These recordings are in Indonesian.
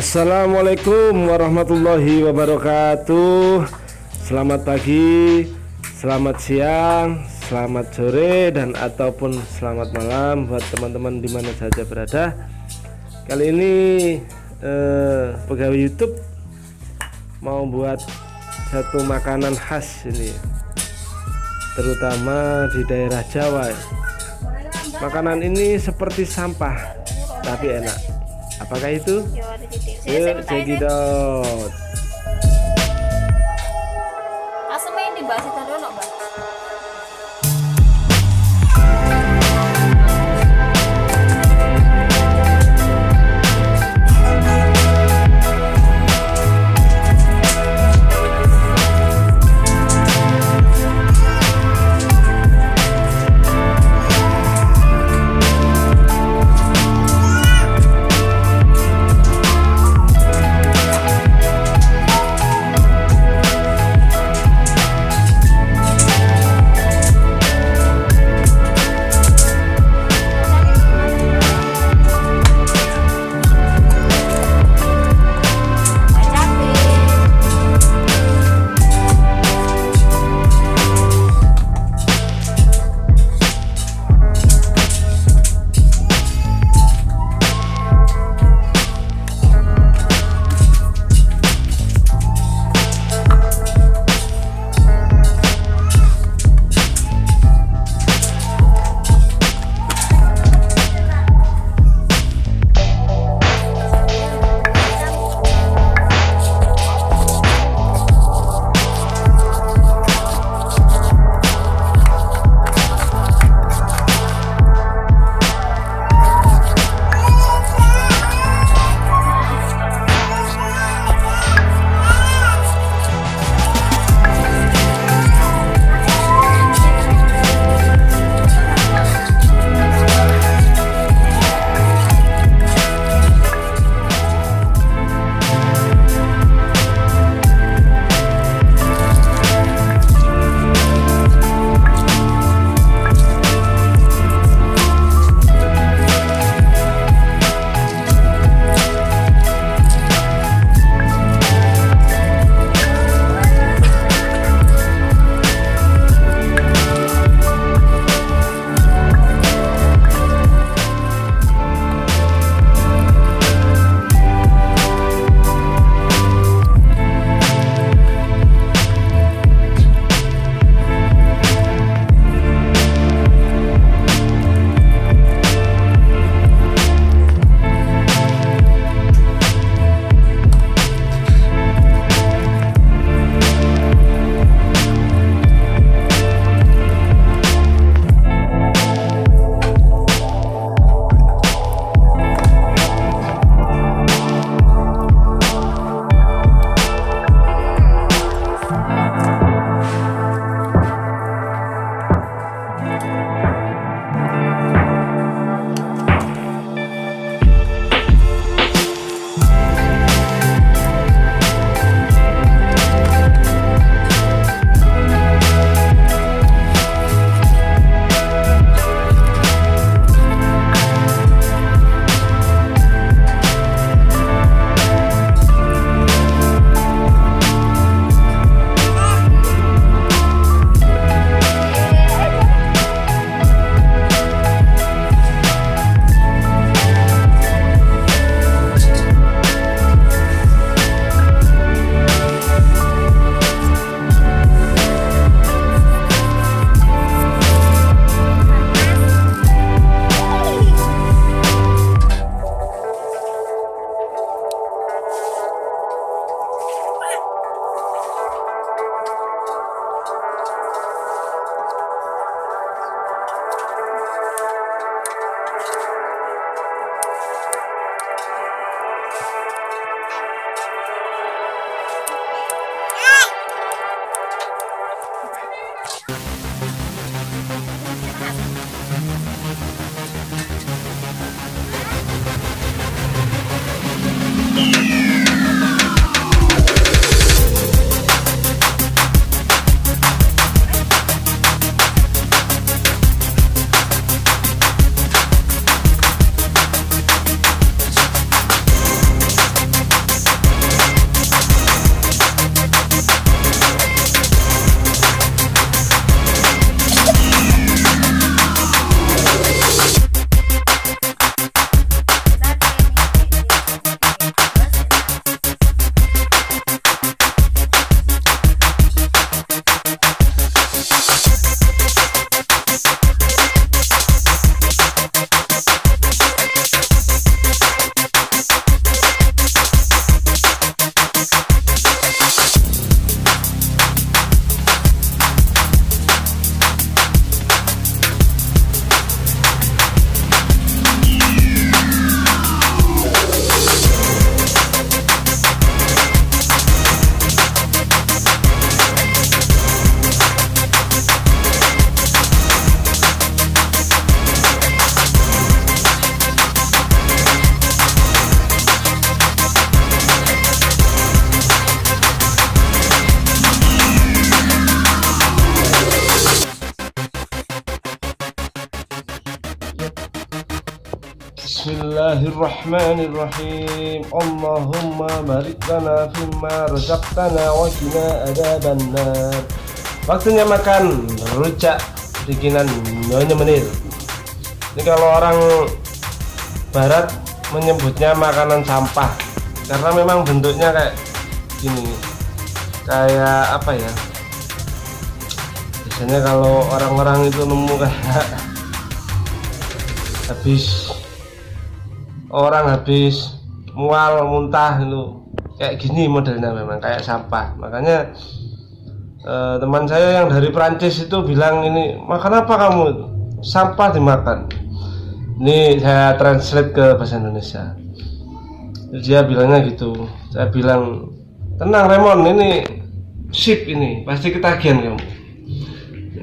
Assalamualaikum warahmatullahi wabarakatuh Selamat pagi, selamat siang, selamat sore dan ataupun selamat malam buat teman-teman dimana saja berada Kali ini eh, pegawai YouTube mau buat satu makanan khas ini terutama di daerah Jawa Makanan ini seperti sampah tapi enak Apakah itu? Yuk, cekidot. Asma yang dibahas itu الله الرحمن الرحيم اللهم بارك لنا فيما رزقتنا وقنا عذاب النار waktunya makan rujak bikinan nyonya menir ini kalau orang barat menyebutnya makanan sampah karena memang bentuknya kayak gini kayak apa ya biasanya kalau orang-orang itu nemu kayak habis orang habis mual muntah itu kayak gini modelnya memang kayak sampah makanya eh, teman saya yang dari Prancis itu bilang ini makan apa kamu sampah dimakan ini saya translate ke bahasa Indonesia dia bilangnya gitu saya bilang tenang Raymond ini sip ini pasti ketagihan kamu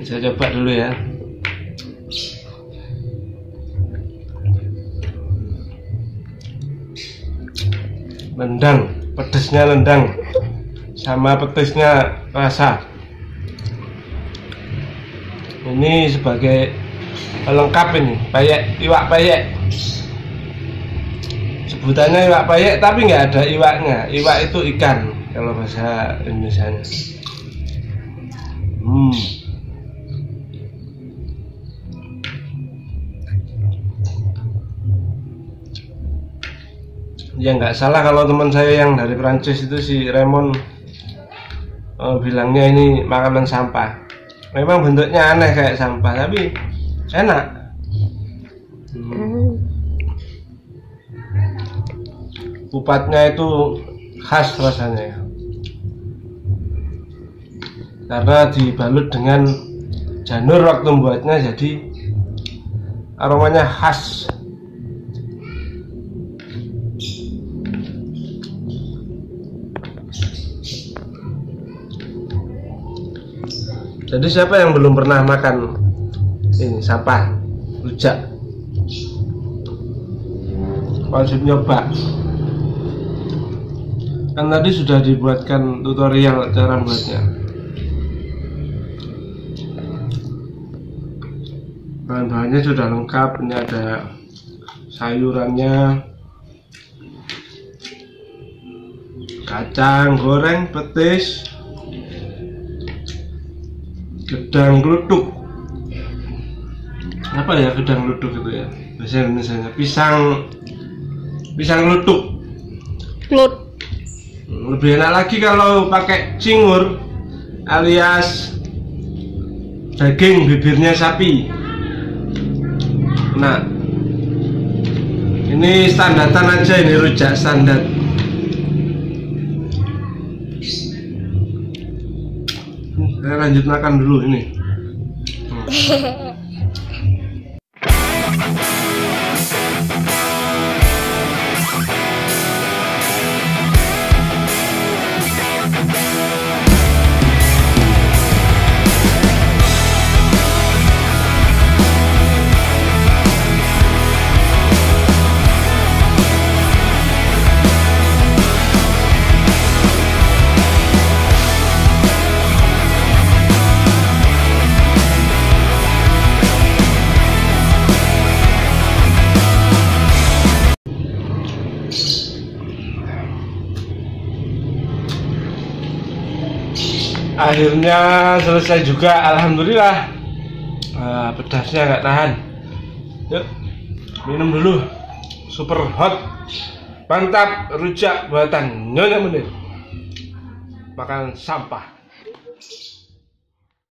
saya coba dulu ya nendang pedesnya nendang sama petisnya rasa ini sebagai lengkap ini payek iwak payek sebutannya iwak payek tapi nggak ada iwaknya iwak itu ikan kalau bahasa Indonesia hmm ya nggak salah kalau teman saya yang dari Prancis itu si Raymond uh, bilangnya ini makanan sampah memang bentuknya aneh kayak sampah tapi enak hmm. kupatnya itu khas rasanya ya. karena dibalut dengan janur waktu membuatnya jadi aromanya khas jadi siapa yang belum pernah makan ini sampah rujak wajib nyoba kan tadi sudah dibuatkan tutorial cara buatnya bahan-bahannya sudah lengkap ini ada sayurannya kacang goreng petis gedang geluduk apa ya gedang geluduk itu ya bahasa Indonesia pisang pisang geluduk Lut. lebih enak lagi kalau pakai cingur alias daging bibirnya sapi nah ini standaran aja ini rujak standar saya lanjut makan dulu ini akhirnya selesai juga alhamdulillah uh, pedasnya nggak tahan yuk minum dulu super hot mantap rujak buatan nyonya menir makan sampah